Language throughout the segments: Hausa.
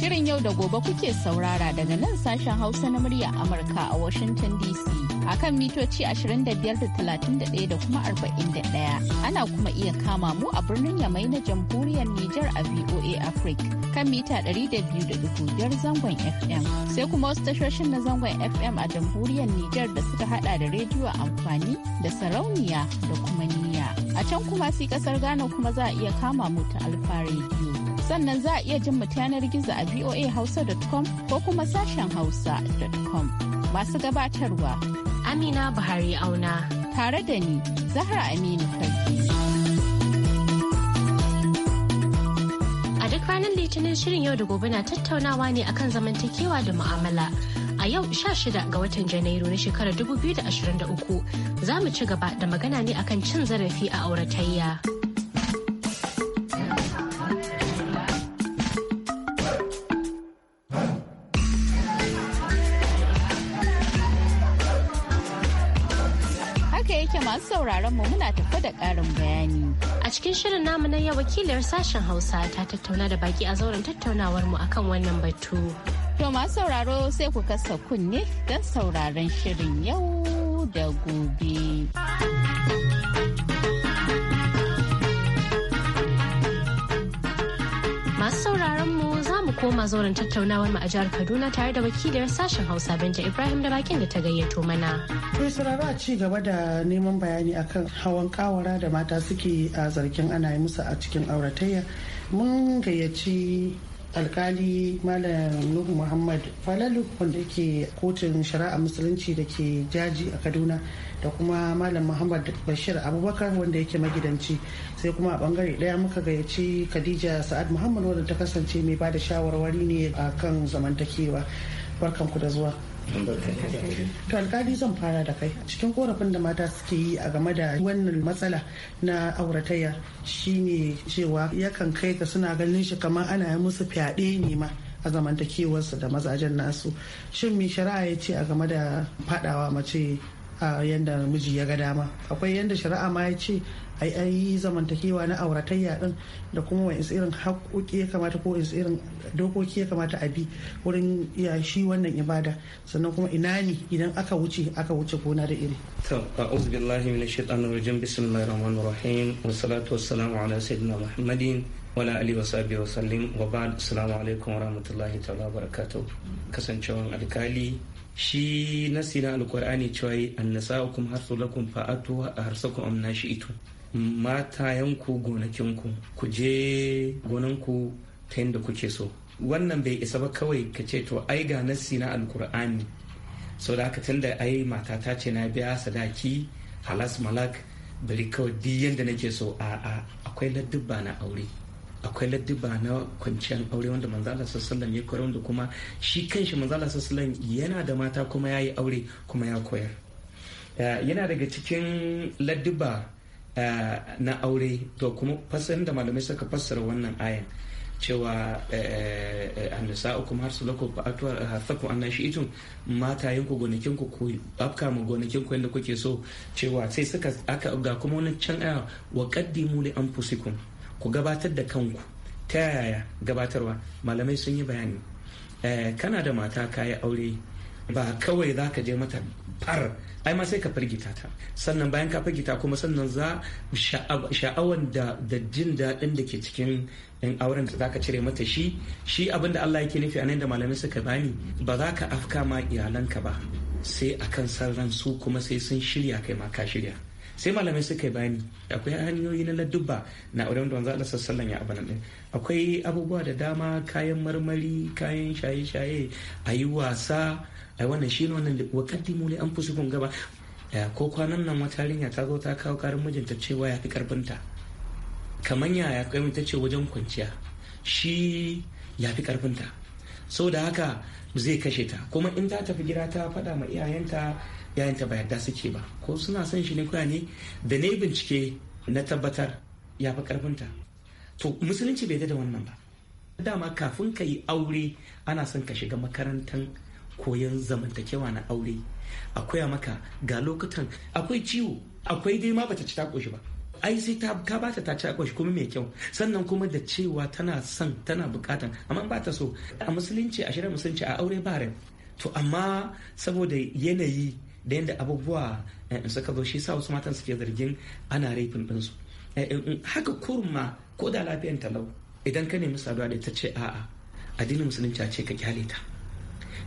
Shirin yau da gobe kuke saurara daga nan sashen Hausa na murya Amurka a Washington DC a kan mitoci 25.31 da kuma 41. Ana kuma iya kama mu a birnin Yamai na Jamhuriyar Nijar a VOA Africa kan mita 200.5 zangon FM. Sai kuma wasu tashoshin na zangon FM a Jamhuriyar Nijar da suka hada da rediyo amfani da sarauniya da kuma ni. A can kuma sai kasar Ghana kuma za a iya kama mu ta Alfa Sannan za a iya jin mu yanar gizo a voahausa.com ko kuma sashen hausa.com. Masu gabatarwa. Amina Buhari Auna. Tare da ni, Zahra Aminu Kalki. A duk ranar Litinin shirin yau da gobe na tattaunawa ne akan zamantakewa da mu'amala. a yau 16 ga watan Janairu na shekarar 2023 za mu ci gaba da magana ne akan cin zarafi a auratayya. masu sauraron mu muna tafa da ƙarin bayani. A cikin shirin namu na yau wakilar sashen Hausa ta tattauna da baki a zauren tattaunawar mu akan wannan batu. To masu sauraro sai ku kasa kunne don sauraron shirin yau da gobe. Masu za koma zauren tattaunawar mu a jihar Kaduna tare da wakilin sashen Hausa Binta Ibrahim da bakin da ta gayyato mana. Kai sarara a ci gaba da neman bayani akan hawan kawara da mata suke a zargin ana yi musu a cikin auratayya. Mun gayyaci alkali malam nuhu muhammad falalu wanda ke kotun shari'a musulunci da ke jaji a kaduna da kuma malam muhammad bashir abubakar wanda yake magidanci sai kuma a bangare daya muka gayyaci khadija sa'ad muhammad wanda ta kasance mai ba da shawarwari ne a kan zamantakewa barkanku da zuwa to alkali zan fara da kai cikin korafin da mata suke yi a game da wannan matsala na auratayya shine cewa yakan kai ka suna ganin shi kamar ana yi musu fyaɗe ne ma a zamantakewarsu da mazajen nasu shin mai shari'a ya ce a game da faɗawa mace a yanda miji ya ga dama akwai yanda shari'a ma ya ce ai yi zamantakewa na auratayya din da kuma wa irin haƙoƙi ya kamata ko irin dokoki ya kamata a bi wurin ya shi wannan ibada sannan kuma ina ne idan aka wuce aka wuce gona da iri to a'udhu billahi minash shaitanir rajin bismillahir rahmanir rahim wa salatu wassalamu ala sayyidina muhammadin wa ala alihi wa sahbihi wa sallim wa ba'd assalamu alaikum wa rahmatullahi ta'ala wa barakatuh kasancewan alkali shi nasi na alkur'ani cewa yi har su lakun fa'atu a harsakum amna shi ito matayanku gonakinku ku je gonanku ta yadda kuke so wannan bai isa ba kawai ka ce to ai ga nasi na alkur'ani sau da aka tunda ai matata ce na biya sadaki halas malak bari kawai duk yadda nake so a akwai ladduba na aure akwai laddiba na kwanciyar aure wanda manzala sassalam ya koyar da kuma shi kanshi manzala sassalam yana da mata kuma ya yi aure kuma ya koyar eh, yana daga cikin laddiba eh, na aure to kuma fasarin da malamai suka fassara wannan ayan cewa eh, annisa kuma har su lako fa'atuwar hafaku an nashi matayen ku gonakin ku ku afka ma gonakin yadda kuke so cewa sai suka aka ga kuma wani can aya wa muli an anfusikum ku gabatar da kanku ta yaya gabatarwa malamai sun yi bayani eh, kana da mata kayi aure ba kawai za ka je mata far ai ma sai ka firgita ta sannan bayan ka firgita kuma sannan za sha'awan da jin daɗin da ke cikin in auren da zaka cire mata shi shi abin da Allah yake nufi anan da malamai suka bani ba za ka afka ma iyalanka ba sai akan ran su kuma sai sun shirya kai ma ka shirya sai malamai suka yi bayani akwai hanyoyi na ladubba na auren da wanzu Allah sallan ya abana din akwai abubuwa da dama kayan marmari kayan shaye-shaye a yi wasa a wannan shi ne wannan wa an li anfusikum gaba ko kwanan nan wata yarinya ta zo ta kawo karin mijinta cewa ya fi ta kamar ya ya kai ta ce wajen kwanciya shi ya fi karfinta sau da haka zai kashe ta kuma in ta tafi gida ta faɗa ma iyayenta yayanta ba yarda suke ba ko suna son shi ne ko'ya ne da na bincike na tabbatar ya fi karfinta to musulunci bai da wannan ba dama kafin ka yi aure ana son ka shiga makarantar koyon zamantakewa na aure a maka ga lokutan akwai ciwo akwai dai ma bata ci ta ba ai sai ta ka bata ta ci ta kuma mai kyau sannan kuma da cewa tana son tana bukatan amma ba ta so a musulunci a shirin musulunci a aure ba rai to amma saboda yanayi da yadda abubuwa eh, suka zo shi sa wasu matan suke zargin ana raifin ɗinsu eh, haka kurun ma ko da lafiyan talau idan ka nemi saduwa da ta ce a'a addinin musulunci a ce ka kyale ta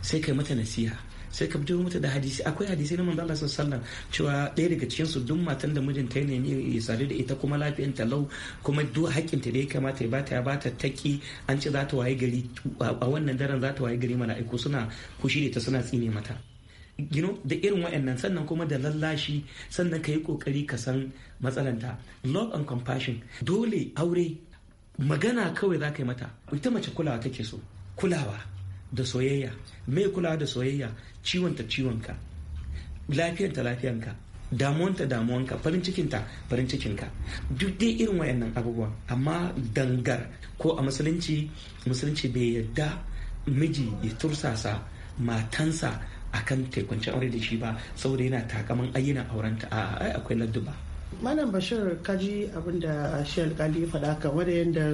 sai kai mata nasiha sai ka fito mata da hadisi akwai hadisi na manzo Allah sallallahu cewa ɗaya daga cikin su duk matan da mijinta ya nemi ya sadu da ita kuma lafiyan talau, kuma duk haƙƙin ta da ya kamata ya bata ya bata taki an ce za ta waye gari a wannan daren za ta waye gari mala'iku suna kushi da ta suna tsine mata gino da irin wa'annan sannan kuma da lallashi sannan ka yi ƙoƙari ka san matsalanta love and compassion dole aure magana kawai za ka yi mata ita mace kulawa take so kulawa da soyayya mai kulawa da soyayya ciwonta ciwonka lafiyanta lafiyanka damuwanta damuwanka farin cikinta farin cikinka duk dai irin wayannan abubuwa amma dangar ko a musulunci musulunci bai yadda miji ya tursasa matansa akan taikwanci aure da shi ba saboda yana takaman ayyana aurenta a akwai ba. malam bashir kaji abin da shi alkali ya faɗa kan da yadda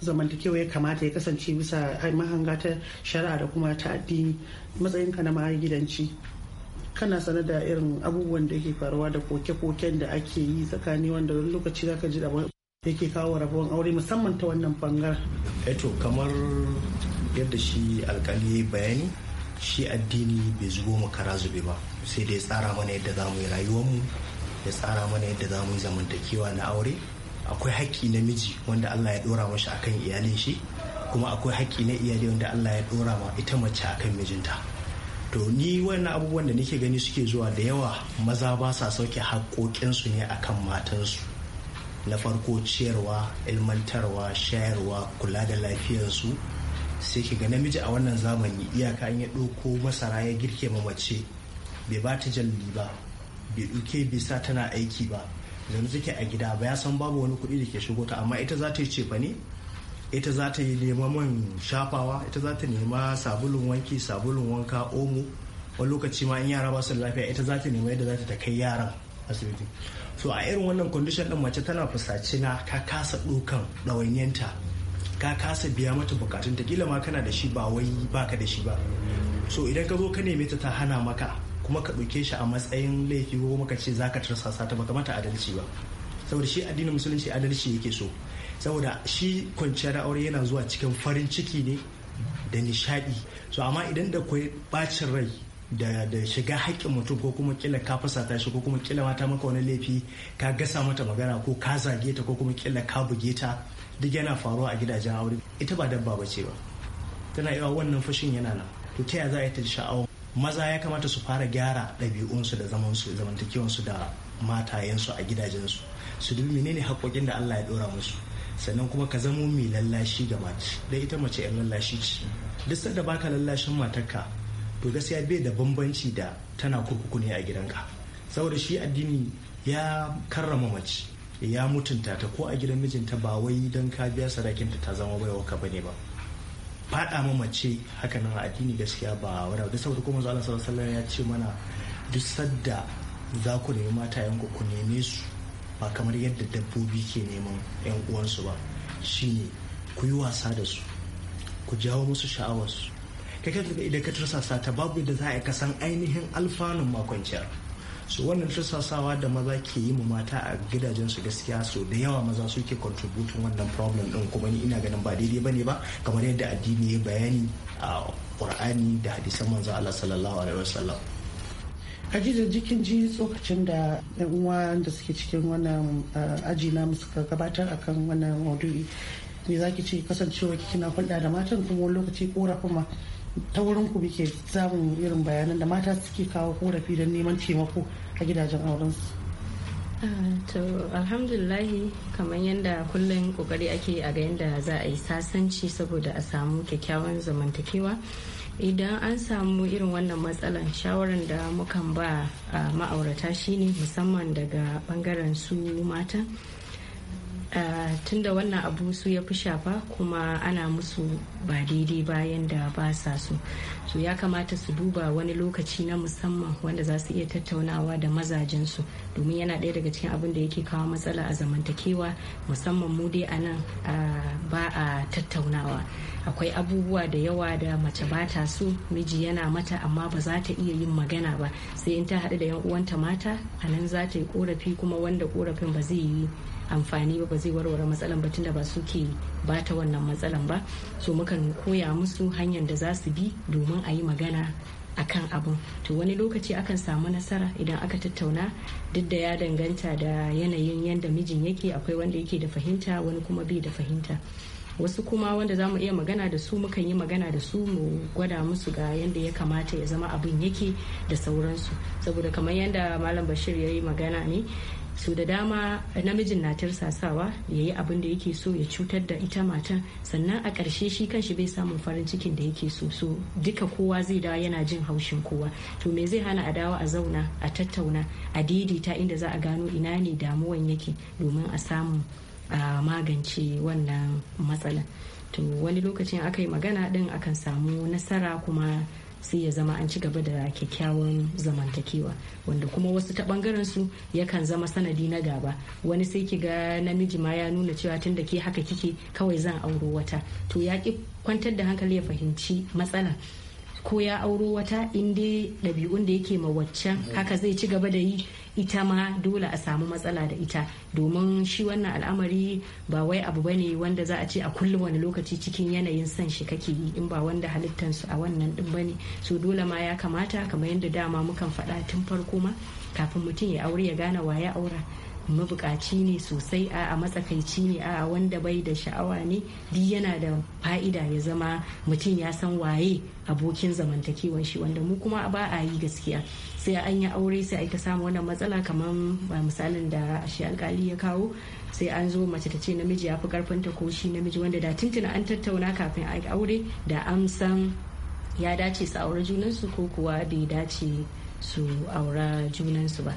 zamantakewa ya kamata ya kasance bisa mahanga ta shari'a da kuma ta addini matsayinka na gidanci kana sanar da irin abubuwan da ke faruwa da koke-koken da ake yi tsakani wanda lokaci ka ji da yake kawo rabuwan aure musamman ta wannan bangar. eto eh kamar yadda shi alkali bayani shi addini bai zubo mu kara zube ba sai da ya tsara mana yadda za mu yi rayuwarmu ya tsara mana yadda za mu yi zamantakewa na aure akwai haƙƙi na miji wanda Allah ya dora mashi akan iyalin shi kuma akwai haƙƙi na iyali wanda Allah ya ɗora ma ita mace akan mijinta to ni wannan abubuwan da nake gani suke zuwa da yawa maza ba sa sauke haƙoƙinsu ne akan matansu na farko ciyarwa ilmantarwa shayarwa kula da lafiyarsu sai ki ga namiji a wannan zamani iyaka in ya ɗauko masara ya girke ma mace bai ba ta jalli ba bai ɗauke bai sa tana aiki ba yanzu take a gida ba ya san babu wani kuɗi da ke shigo ta amma ita za ta yi cefa ne ita za ta yi neman man shafawa ita za ta nema sabulun wanki sabulun wanka omo wani lokaci ma in yara ba su lafiya ita za ta nema yadda za ta kai yaran asibiti so a irin wannan condition din mace tana fusace na ka kasa ɗaukan ɗawainiyanta ka kasa biya mata bukatun ta kila ma kana da shi ba wai baka da shi ba so idan ka zo ka neme ta ta hana maka kuma ka ɗauke shi a matsayin laifi ko maka ce zaka tarsasa ta baka mata adalci ba saboda shi addinin musulunci adalci yake so saboda shi kwanciyar aure yana zuwa cikin farin ciki ne da nishadi so amma idan da kwai bacin rai da da shiga haƙƙin mutum ko kuma kila ka ta shi ko kuma kila mata maka wani laifi ka gasa mata magana ko ka zage ta ko kuma kila ka buge ta duk yana faruwa a gidajen aure ita ba dabba ba ce ba tana yawa wannan fashin yana nan to ta yaya za a yi ta sha'awa maza ya kamata su fara gyara ɗabi'unsu da zamantakewansu da matayensu a gidajensu su dubi menene haƙoƙin da Allah ya ɗora musu sannan kuma ka zamo mai lallashi ga mace da ita mace yan lallashi ce duk sanda baka lallashin matarka to gaskiya bai da bambanci da tana kurkuku ne a gidanka saboda shi addini ya karrama mace ya mutunta ta ko a gidan mijinta ba wai don ka biya sadakinta ta zama baiwa ka bane ba Faɗa ma mace haka nan addini gaskiya ba wada da saboda kuma zuwa sallallahu alaihi ya ce mana duk sadda za ku nemi yanku ku neme su ba kamar yadda dabbobi ke neman yan uwansu ba shine ku yi wasa da su ku jawo musu sha'awarsu kai kanka idan ka tursasa ta babu yadda za a yi kasan ainihin alfanun makonciyar su wannan tursasawa da maza ke yi mu mata a gidajensu gaskiya so da yawa maza suke contributing wannan problem din kuma ni ina ganin ba daidai bane ba kamar yadda addini ya bayani a qur'ani da hadisan manzo Allah sallallahu alaihi wasallam jikin ji tsokacin da yan uwa da suke cikin wannan eh, aji na suka gabatar akan wannan maudu'i me zaki ce kasancewa kina hulɗa da matan kuma wani lokaci korafin ma ta wurin ku muke samun irin bayanan da mata suke kawo korafi don neman taimako a gidajen aurensu ah, to alhamdulillahi kamar yadda kullum kokari ake a ga yadda za a yi sasanci saboda a samu kyakkyawan zamantakewa idan an samu irin wannan matsalan shawarar da mukan ba a ah, ma'aurata shine musamman daga bangaren su matan tunda wannan abu su ya fi shafa kuma ana musu ba daidai bayan da ba sa su so ya kamata su duba wani lokaci na musamman wanda za su iya tattaunawa da mazajensu domin yana ɗaya daga cikin abin da yake kawo matsala a zamantakewa musamman mu dai a nan ba a tattaunawa akwai abubuwa da yawa da mace ba ta so miji yana mata amma ba za ta iya yin magana ba sai in ta haɗu da yan uwanta mata a nan za ta yi korafi kuma wanda korafin ba zai yi amfani ba ba zai warware matsalan ba tunda ba suke ba ta wannan matsalan ba so mukan koya musu hanyar da za su bi domin a yi magana a kan abun to wani lokaci akan samu nasara idan aka tattauna duk da ya danganta da yanayin yadda mijin yake akwai wanda yake da fahimta wani kuma bai da fahimta wasu kuma wanda za mu iya magana da su mukan yi magana da su mu gwada musu ga yadda ya kamata ya zama abin yake da sauransu saboda kamar yadda malam bashir ya yi magana ne sau da dama eh, namijin na tirsasawa ya yi abin da yake so ya cutar da ita matan sannan a ƙarshe shi kanshi bai samun farin cikin da yake so so duka kowa zai dawo yana jin haushin kowa to me zai hana a dawo a zauna a tattauna a daidaita inda za a gano ina ne damuwan yake domin a samu a magance wannan matsalan to wani lokacin aka yi magana din akan samu nasara kuma sai ya zama an ci gaba da kyakkyawan zamantakewa wanda kuma wasu ta bangaren su yakan zama sanadi na gaba wani sai ki ga namiji ma ya nuna cewa tunda ke haka kike kawai zan auro wata to ya ki kwantar da hankali ya fahimci matsala ko ya auro wata in dai ɗabi'un da yake ma waccan mm. haka zai ci gaba da yi ita ma dole a samu matsala da ita domin shi wannan al'amari ba wai abu ba ne wanda za a ce a kullum wani lokaci cikin yanayin son shi kake yi in ba wanda halittansu a wannan din ba ne so dole ma ya kamata kamar yadda dama mukan faɗa tun farko ma kafin mutum ya aure ya gane wa ya aura mabukaci ne sosai a a matsakaici ne a wanda bai da sha'awa ne duk yana da fa'ida ya zama mutum ya san waye abokin zamantakewan shi wanda mu kuma ba a yi gaskiya sai an yi aure sai aika samu wannan matsala kamar ah, misalin da shi alkali ya kawo sai an zo mace ta ce namiji ya fi karfinta ko shi namiji wanda da tuntuna an tattauna kafin a aure da an san ya dace su aure junansu ko kuwa bai dace su aura junansu ba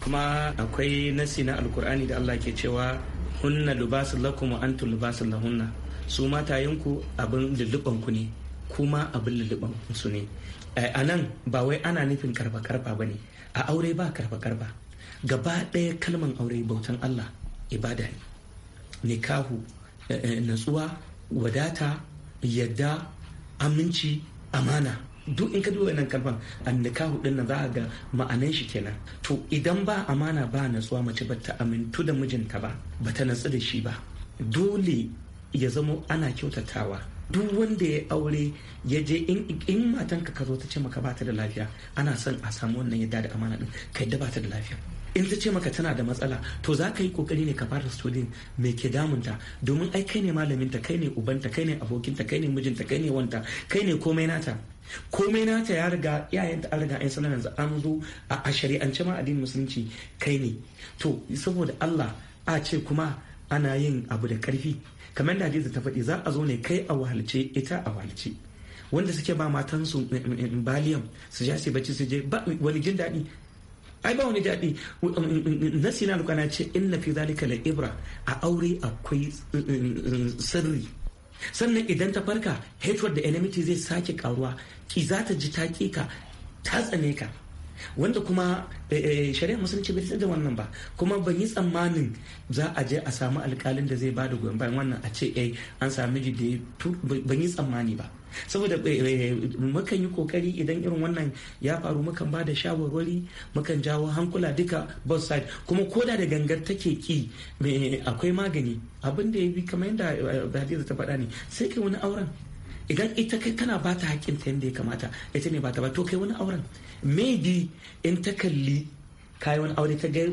kuma akwai nasi na alkur'ani da Allah ke cewa hunna lubasul lakum antum lubasul lahunna su matayenku abin lulluɓanku ne kuma abin lulluban su ne a nan ba wai ana nufin karba karba ba ne. a aure ba karba karba gaba ɗaya kalman aure bautan Allah ibada ne nikahu eh, eh, natsuwa wadata yadda aminci amana duk in ka duba wannan kalmar annikahu din nan za a ga ma'anan shi kenan to idan ba amana ba natsuwa mace ba ta amintu da mijinta ba ba ta natsu da shi ba dole ya zamo ana kyautatawa duk wanda ya aure ya je in matanka ka zo ta ce maka bata da lafiya ana son a samu wannan yadda da amana din kai yadda bata da lafiya in ta ce maka tana da matsala to za ka yi kokari ne ka fara studin me ke damunta domin ai kai ne malaminta kai ne ubanta kai ne abokinta kai ne mijinta kai ne wanta kai ne komai nata komai nata ya riga iyayenta ta riga yan sanar yanzu an zo a shari'ance ma addinin musulunci kai ne to saboda Allah a ce kuma ana yin abu da karfi kamar da hadiza ta faɗi za a zo ne kai a wahalce ita a wahalce wanda suke ba matansu mm, mm, mm, baliyam su ja su bacci su je ba wani jin daɗi ai ba wani daɗi nasi na lukana ce inna fi zalika la ibra a aure akwai sirri sannan idan ta farka hatred da enmity zai sake karuwa ki za ta ji ta ka ta tsane ka wanda kuma eh, eh, shari'a musulunci bai da wannan ba kuma ban yi tsammanin za a je a samu alkalin da zai bada goyon bayan wannan a ce ai eh, an sami jide ban yi tsammani ba saboda mukan yi kokari idan irin wannan ya faru mukan ba da shawarwari mukan jawo hankula duka both side kuma koda da gangar take ki akwai magani abin da ya bi kamar yadda hadiza ta faɗa ne sai kai wani auren idan ita kai kana ba ta haƙƙin ta yadda ya kamata ita ne ba ta ba to kai wani auren maybe in ta kalli kayan wani aure ta ga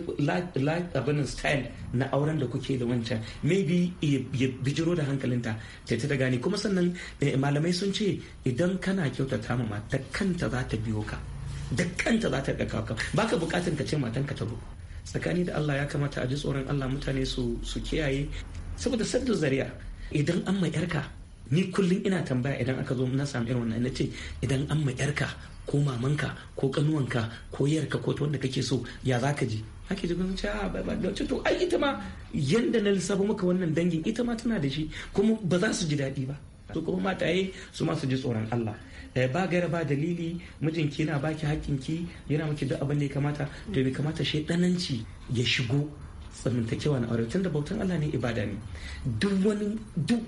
abin style na auren da kuke da wancan maybe ya bijiro da hankalinta ta ta gani kuma sannan eh, malamai sun ce idan kana kyautata ma ta kanta za ta biyo ka da kanta za ta ɗauka ka baka bukatar ka ce matanka ta bu tsakani da Allah ya kamata a ji tsoron Allah mutane su su kiyaye saboda saddu zariya idan an ma yarka ni kullum ina tambaya idan aka zo na sami irin wannan na ce idan an ma yarka ko mamanka ko kanuwanka ko yarka ko ta wanda kake so ya za ka ji ake ji gwamnati a ah, ba ba to ai ita ma yanda na lissafa maka wannan dangin ita ma tana da shi kuma ba za su ji daɗi ba to kuma mataye su ma su ji tsoron Allah eh, ba gaira ba dalili mijinki na baki hakkinki yana miki duk abin da ya kamata to bai kamata shaiɗananci ya shigo zamantakewa na aure tunda bautan Allah ne ibada ne duk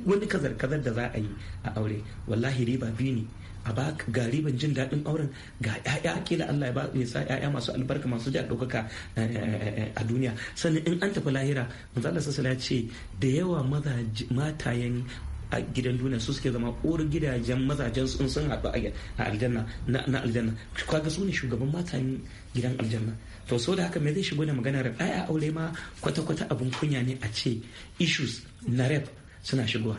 wani kazar kazar da za a yi a aure wallahi riba biyu ne a ba ga riban jin daɗin auren ga ƴaƴa kila Allah ya ba ya sa ƴaƴa masu albarka masu ja ɗaukaka eh, eh, eh, a duniya sannan in an tafi lahira manzo Allah sallallahu ya ce da yawa matayen a gidan duniya su suke zama ƙori gidajen mazajen sun haɗu a aljanna na aljanna kaga su ne shugaban matayen gidan aljanna to so da haka me zai shigo da magana rap ai a aure ma kwata-kwata abun kunya ne a ce issues na rap suna shigowa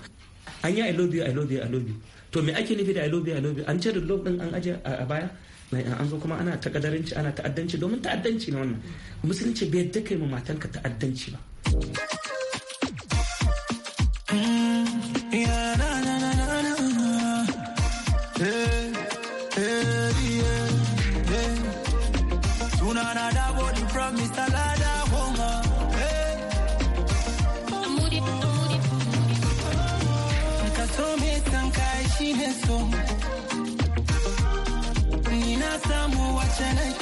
an yi i love you i love you i love to me ake nufi da i love you i love you an cire love din an aje a baya an zo kuma ana takadaranci ana ta'addanci domin ta'addanci na wannan musulunci bai yadda kai ma matanka ta'addanci ba mm, yeah.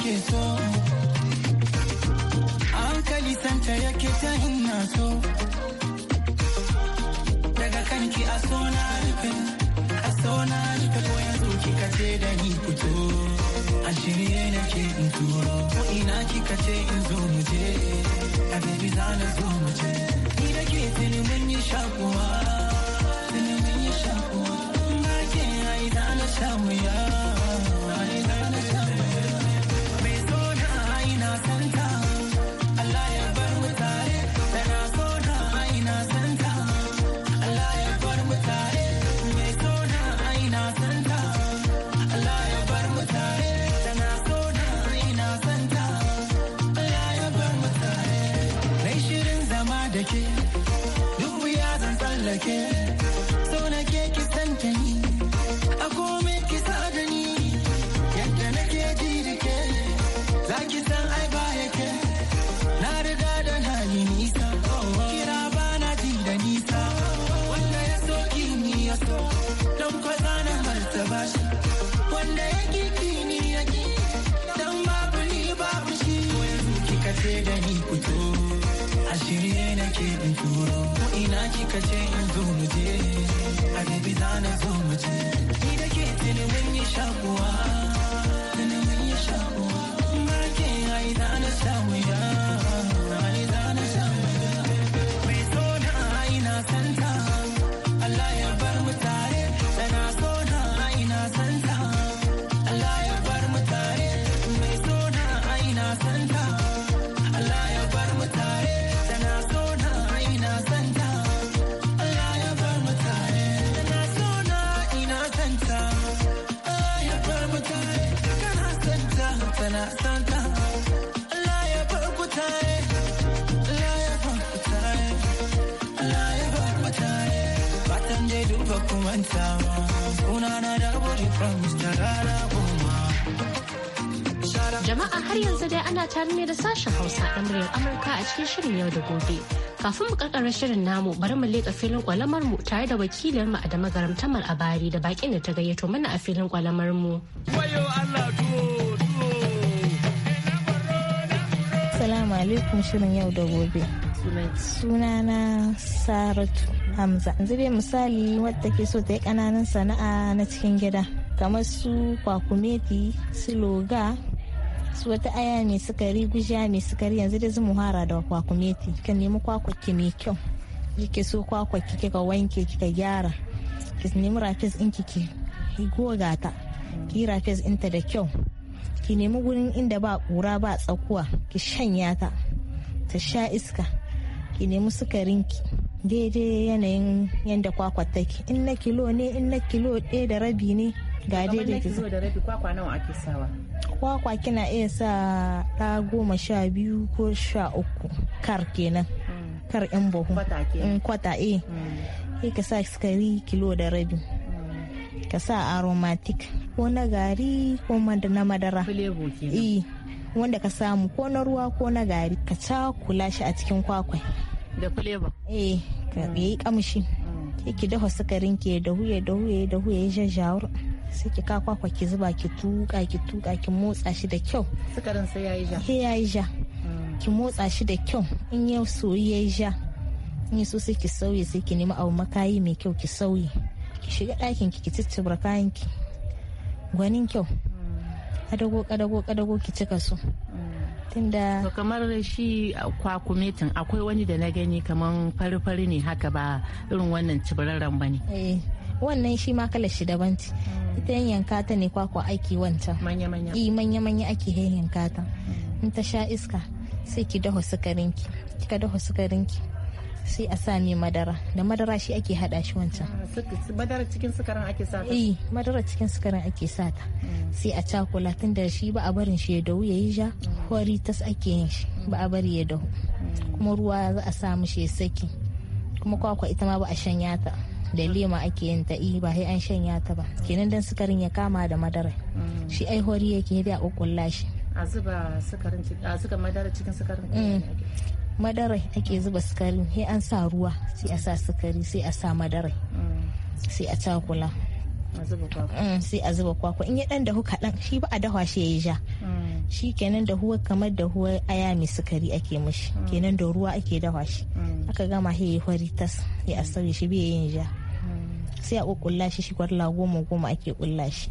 nake so hankali santa yake ta ina so daga kanki a so na rufe a so na rufe ko yanzu kika ce da ni fito a shirye in turo ko ina kika ce in zo mu je a za na zo mu Sau so na ke ki san ta a kome ki sa da ni yadda na ke ji da ke za ki san ai ba ya ke na riga da na ni nisa kira ba na ji da nisa wanda ya so ki ni ya so don kwaza na martaba shi wanda ya ki ki ni ya ki dan babu ni babu shi ko yanzu kika ce da ni fito shirye nake in turo ko ina kika ce in zo mu je habibi za na zo mu je ni da ke tuni mun yi shakuwa tuni mun yi shakuwa ba ke ai za na samu ya jama'a har yanzu dai ana tare ne da sashen hausa da muryar amurka a cikin shirin yau da gobe kafin mu karkarar shirin namu bari mu leƙa filin kwalamar mu tare da wakilin mu a da a bari da bakin da ta gayyato mana a filin kwalamar mu salamu alaikum shirin yau da gobe. Sunana Saratu. hamza yanzu dai misali wadda ke so ta yi kananan sana'a na cikin gida kamar su kwakumeti su loga su wata aya mai sukari guja mai sukari yanzu dai zumu hara da kwakumeti ka nemi kwakwaki mai kyau kike so kwakwaki kika wanke kika gyara ki nemi rafes ɗin ki goga ta ki rafes ɗinta da kyau ki nemi gurin inda ba ƙura ba tsakuwa ki shanya ta ta sha iska ki nemi ki. daidai yanayin yadda kwakwa take in na kilo ne in na kilo ɗaya da rabi ne ga daidai kilo da rabi kwakwa nawa ake sawa kwakwa kina iya sa ta goma sha biyu ko sha uku kar kenan mm. kar yan buhu kwata e sai ka sa sukari kilo da rabi ka sa aromatic ko na gari ko na madara eh, wanda ka samu ko na ruwa ko na gari ka cakula shi a cikin kwakwai da kuleba. eh ka mm. yi kamshi mm. sai ki dafa sukarin ki da huye da huye da huye jajjawar sai ki kakwa kwa ki zuba ki tuka ki tuka ki motsa shi da kyau sukarin sai yayi ja sai yayi ja mm. ki motsa shi da kyau in yau soyi yayi ja in so sai ki sauye sai ki nemi abu makayi mai kyau ki sauye ki shiga ɗakin ki ki ciccibra kayan ki gwanin kyau kadago kadago kadago ki cika su tunda so, kamar shi kwakumetin akwai wani da na gani kamar fari-fari ne haka ba irin wannan cibirarren ba ne eh, wannan shi ma kalar shi daban ci hmm. ita yanka ta ne kwakwa aiki wancan manya-manya i eh, manya-manya ake yanka ta in ta sha iska sai ki daho sukarinki daho sukarinki sai a sa mai madara da madara shi ake hada shi wancan ah, madara cikin sukarin ake sata eh madara cikin sukarin ake sata hmm. sai a cakula tun da shi ba a barin shi ya dahu ya yi ja hori hmm. tas ake yin shi ba a bari ya dahu hmm. kuma ruwa za a sa mishi ya saki kuma kwakwa ita ma ba a shanya ta da lema ake yin ta i eh, ba sai an shanya ta ba kenan dan sukarin ya kama da madara shi ai hori yake da a kokulla shi a zuba sukarin a zuba madara cikin sukarin madarai ake zuba sukari sai an sa ruwa sai a sa sukari sai a sa madarai sai a cakula mm, sai a zuba kwakwa in ya dan dahu kaɗan shi ba a dahwa shi ya yi ja mm. shi kenan dahuwa kamar dahuwa aya mai sukari ake mashi mm. kenan da ruwa ake dahwa shi aka gama shi ya hori tas ya a sauri shi bai yin ja sai a kulla shi shi kwarla goma goma ake kulla shi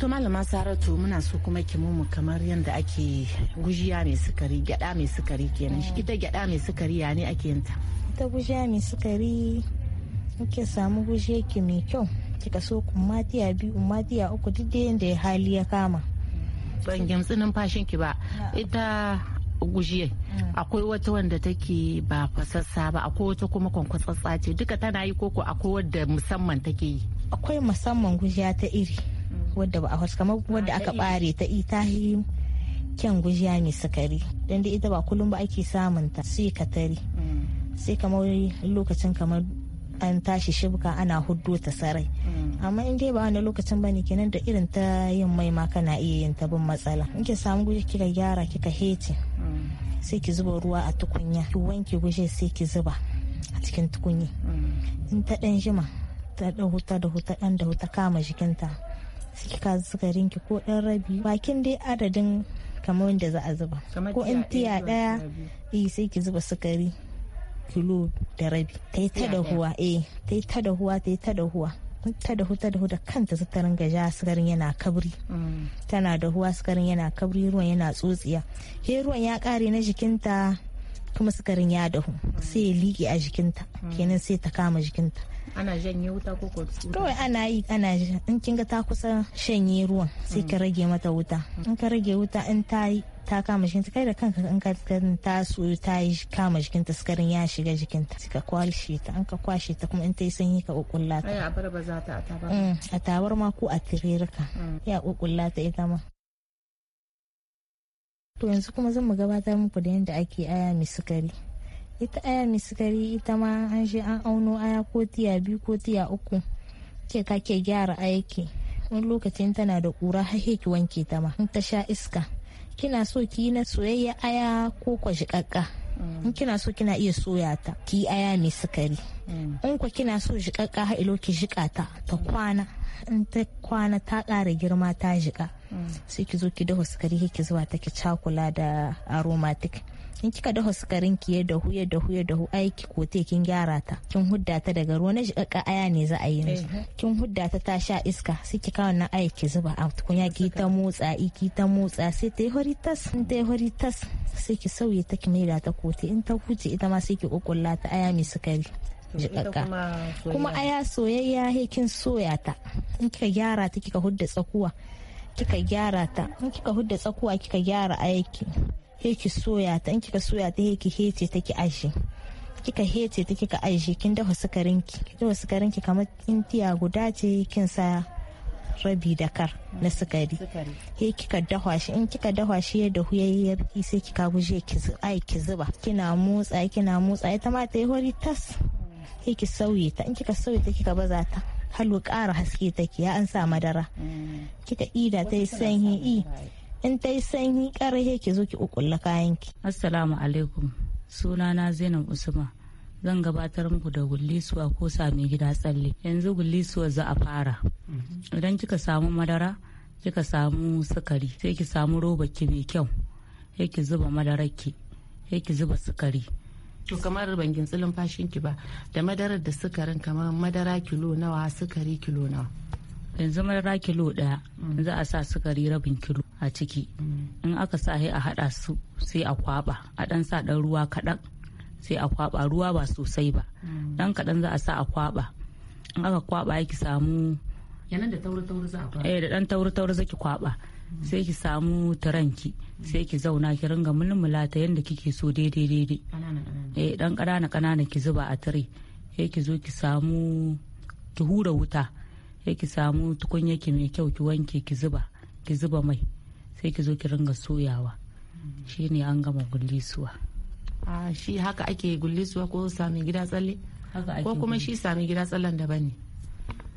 To malama Saratu muna so kuma ki mu kamar yadda ake gujiya mai sukari gyada mai sukari kenan shi mm. ita gyada mai sukari ya ne ake yanta Ita gujiya mai sukari muke samu gujiya ki mai kyau kika so kumatiya biyu kumatiya uku duk da yadda ya hali ya kama. Ban gamsu numfashin ki ba ita gujiya mm. akwai wata wanda take ba fasassa ba akwai wata kuma kwankwatsatsa ce duka tana yi koko akwai wadda musamman take yi. Akwai musamman gujiya ta iri. wadda ba a wasu kamar ah, wadda aka bare ta ita kyan gujiya mai sukari don da ita ba kullum ba ake samun ta sai ka tare mm. sai kamar lokacin kamar an tashi shibka ana hudu ta sarai mm. amma in dai ba wani lokacin ba ne kenan da irin ta yin mai ma kana iya yin ta bin matsala in ki samu guje kika gyara kika hece mm. sai ki zuba ruwa a tukunya ki wanke guje sai ki zuba a cikin tukunya in ta dan jima ta da huta da huta dan da huta kama jikinta kika sukarin ki ko dan rabi bakin dai adadin kamar wanda za a zuba ko in tiya daya eh sai ki zuba sukari kilo da rabi ta yi huwa eh tai ta yi huwa tai ta yi huwa ta da huta da huta kanta ta ringa ja sukarin yana kabri mm. tana da huwa sukarin yana kabri ruwan yana tsotsiya he ruwan ya kare na jikinta kuma sukarin ya dahu mm. sai ya liƙe a jikinta mm. kenan sai ta kama jikinta ana janye wuta ko ko kawai ana yi ana in kin ga ta kusa shanye ruwan sai ka mm. rage mata wuta in ka rage wuta in ta yi ta kama jikinta kai da kanka in ka ta su ta yi kama jikinta sukarin ya shiga jikinta suka kwashe ta an ka kwashe ta kuma in ta yi sanyi ka kukulla ta a bar ba za ta a mm, tabar ma ko a tirerka mm. ya kukulla ta ita ma to yanzu kuma zan mu gabatar muku da yadda ake aya mai sukari ita aya sukari ita ma an shi an auno aya ko tiya biyu ko tiya uku ke ka ke gyara aiki wani lokacin tana da ƙura har ki wanke ta ma in ta sha iska kina so ki na soyayya aya ko shiƙaƙƙa mm. in kina so kina iya soya ta ki aya mai sukari mm. in ku kina so shiƙaƙƙa har ilo ki shiƙa ta ta kwana in ta kwana ta ƙara girma ta shiƙa mm. sai ki zo ki dafa sukari ki zuwa ta ki cakula da aromatic in kika da sukarin ki ya dahu ya dahu ya dahu aiki ko kote kin gyara ta kin hudda ta daga ruwa na jiƙaƙƙa aya ne za a yi yanzu eh. kin hudda ta ta sha iska sai ki kawo na aiki zuba a tukunya ki ta motsa ki ta motsa sai ta yi hori tas in ta yi hori tas sai ki sauye ta ki da ta kote in ta huce ita ma sai ki kokulla ta aya mai sukari jikakka kuma aya soyayya he kin soya ta in kika gyara ta kika hudda tsakuwa kika gyara ta in kika hudda tsakuwa kika gyara aiki. heki soya ta in kika soya ta heki hece ta ki aje kika hece ta kika aje kin dafa sukarin ki kin dafa sukarin ki kamar intiya guda ce kin sa rabi da kar na sukari he kika dafa shi in kika dafa shi ya dahu yayi yarki sai kika guje ki ai ki zuba kina motsa kina motsa ita ma ta yi hori tas he ki sauye ta in kika sauye ta kika baza ta halu kara haske take ya an sa madara mm. kika ida ta yi sanyi i in ta yi sanyi ƙarai ki zo ki kayan ki. Assalamu alaikum sunana Zainab Usman. zan gabatar muku da gullisuwa ko sami gida tsalle yanzu gullisuwa za a fara mhm. idan kika samu madara kika samu sukari sai ki samu roba ki mai kyau sai ki zuba madararki sai ki zuba sukari to kamar ban gintsilin fashin ki ba da madarar da sukarin kamar madara kilo nawa sukari kilo nawa yanzu madara kilo daya mm. za a sa sukari rabin kilo a ciki in aka sa a haɗa su sai a kwaba a ɗan sa ɗan ruwa kaɗan sai a kwaba ruwa ba sosai ba ɗan kaɗan za a sa a kwaba in aka kwaba ki samu yanan da tauri tauri za a kwaba eh da ɗan tauri tauri ki kwaba sai ki samu turanki sai ki zauna ki ringa mulmula ta yadda kike so daidai daidai eh dan ƙanana ƙanana ki zuba a tire sai ki zo ki samu ki hura wuta sai ki samu tukunya ki mai kyau ki wanke ki zuba ki zuba mai sai ki zo ki ringa soyawa Shi ne an gama gullisuwa a shi haka ake gullisuwa ko sami gida tsalle ko kuma shi sami gida tsallen da ne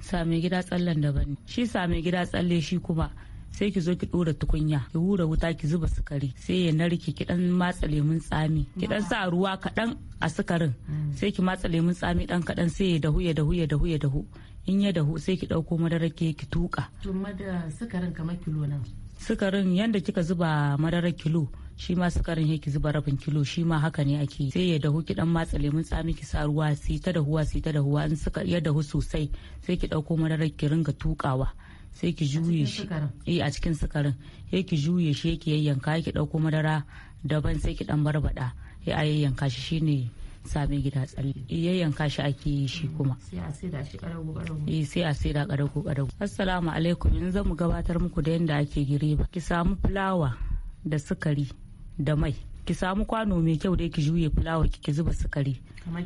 sami gida tsallen da ne shi sami gida tsalle shi kuma sai ki zo ki dora tukunya ki hura wuta ki zuba sukari sai ya narke ki dan matsa lemun tsami ki dan sa ruwa kadan a sukarin sai ki matsa lemun tsami dan kadan sai ya dahu ya dahu ya dahu ya dahu in ya dahu sai ki dauko madara ki ki tuka to da sukarin kamar kilo nan sukarin yadda kika zuba madarar kilo shi ma sukarin yake zuba rabin kilo shi ma haka ne ake sai ya dahu kiɗan matsa lemun tsami ki sa ruwa sai ta dahuwa sai ta dahuwa in suka ya dahu sosai sai ki dauko madarar ki ringa tukawa sai ki juye shi eh, a cikin sukarin sai ki juye shi ki yayyanka ki dauko madara daban sai ki dan barbada a yayyanka shi shine sami gida tsalle eh, yayyanka shi ake yi shi kuma sai a eh, sai da karago karago assalamu alaikum in zan mu gabatar muku da yadda ake gireba ki samu fulawa da sukari da mai ki samu kwano mai kyau da ki juye fulawa ki zuba sukari kamar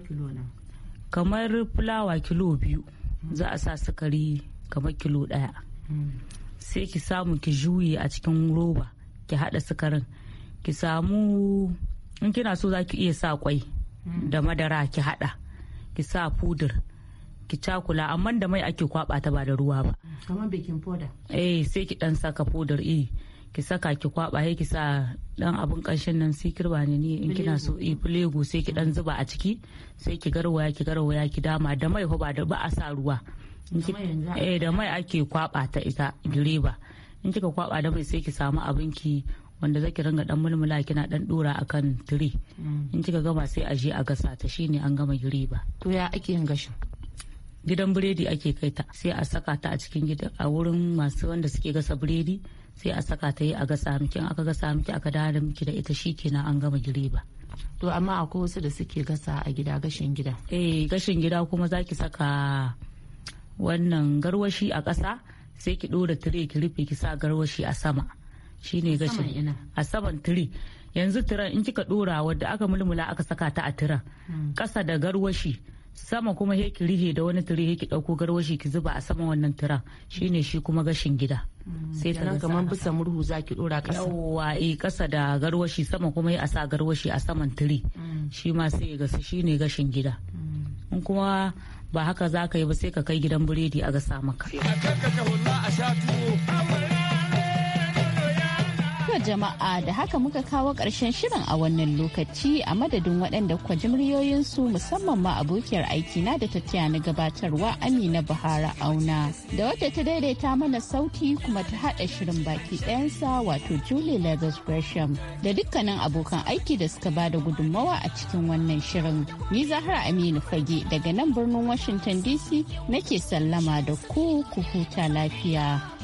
kamar fulawa kilo biyu za a sa sukari kamar kilo daya hmm. sai ki samu ki juye a cikin roba ki hada sukarin ki samu in kina so za ki iya sa kwai da madara ki hada ki sa fudur ki cakula amma da mai ake kwaba ta ba da ruwa ba kamar baking powder eh sai ki dan saka fudur eh ki saka ki kwaba ki sa dan abun kanshin nan sikirwa ne ni in kina so i eh, filego sai ki dan zuba a ciki sai ki garwaya ki garwaya ki dama da mai ba da ba a sa ruwa eh da mai ake kwaba ta ita direba in kika kwaba da mai sai ki samu abinki wanda zaki ringa dan mulmula kina dan dora akan tire mm. in kika gama sai a je a gasa ta shine an gama gireba to ya ake yin gashin gidan biredi ake kai ta sai a saka ta a cikin gida a wurin masu wanda suke gasa biredi sai a saka ta yi a gasa miki in aka gasa miki aka dada miki da ita shi kenan an gama gireba to amma akwai wasu da suke gasa a gida gashin gida eh gashin gida kuma zaki saka wannan garwashi a ƙasa sai ki ɗora tire ki rufe ki sa garwashi a sama shine gashin a saman tiri yanzu tiran in kika dora wadda aka mulmula aka saka ta a tiran kasa hmm. da garwashi sama kuma he ki rihe da wani tire ki dauko garwashi ki zuba a saman wannan tiran shine shi kuma gashin gida hmm. sai ta kamar bisa murhu zaki dora kasa yawa eh kasa da garwashi sama kuma a sa garwashi a saman tire hmm. shi ma sai ga shine gashin gida in kuma ba haka za ka yi ba sai ka kai gidan biredi a gasa maka. a sha tuwo. To jama'a da haka muka kawo ƙarshen shirin a wannan lokaci a madadin waɗanda kwa jimriyoyinsu musamman ma abokiyar aiki na da ta na gabatarwa Amina Bahara Auna. Da wata ta daidaita mana sauti kuma ta haɗa shirin baki ɗayansa wato Julie lagos Gresham da dukkanin abokan aiki da suka ba da gudunmawa a cikin wannan shirin. Ni Zahra Aminu Fage daga nan birnin Washington DC nake sallama da ku ku huta lafiya.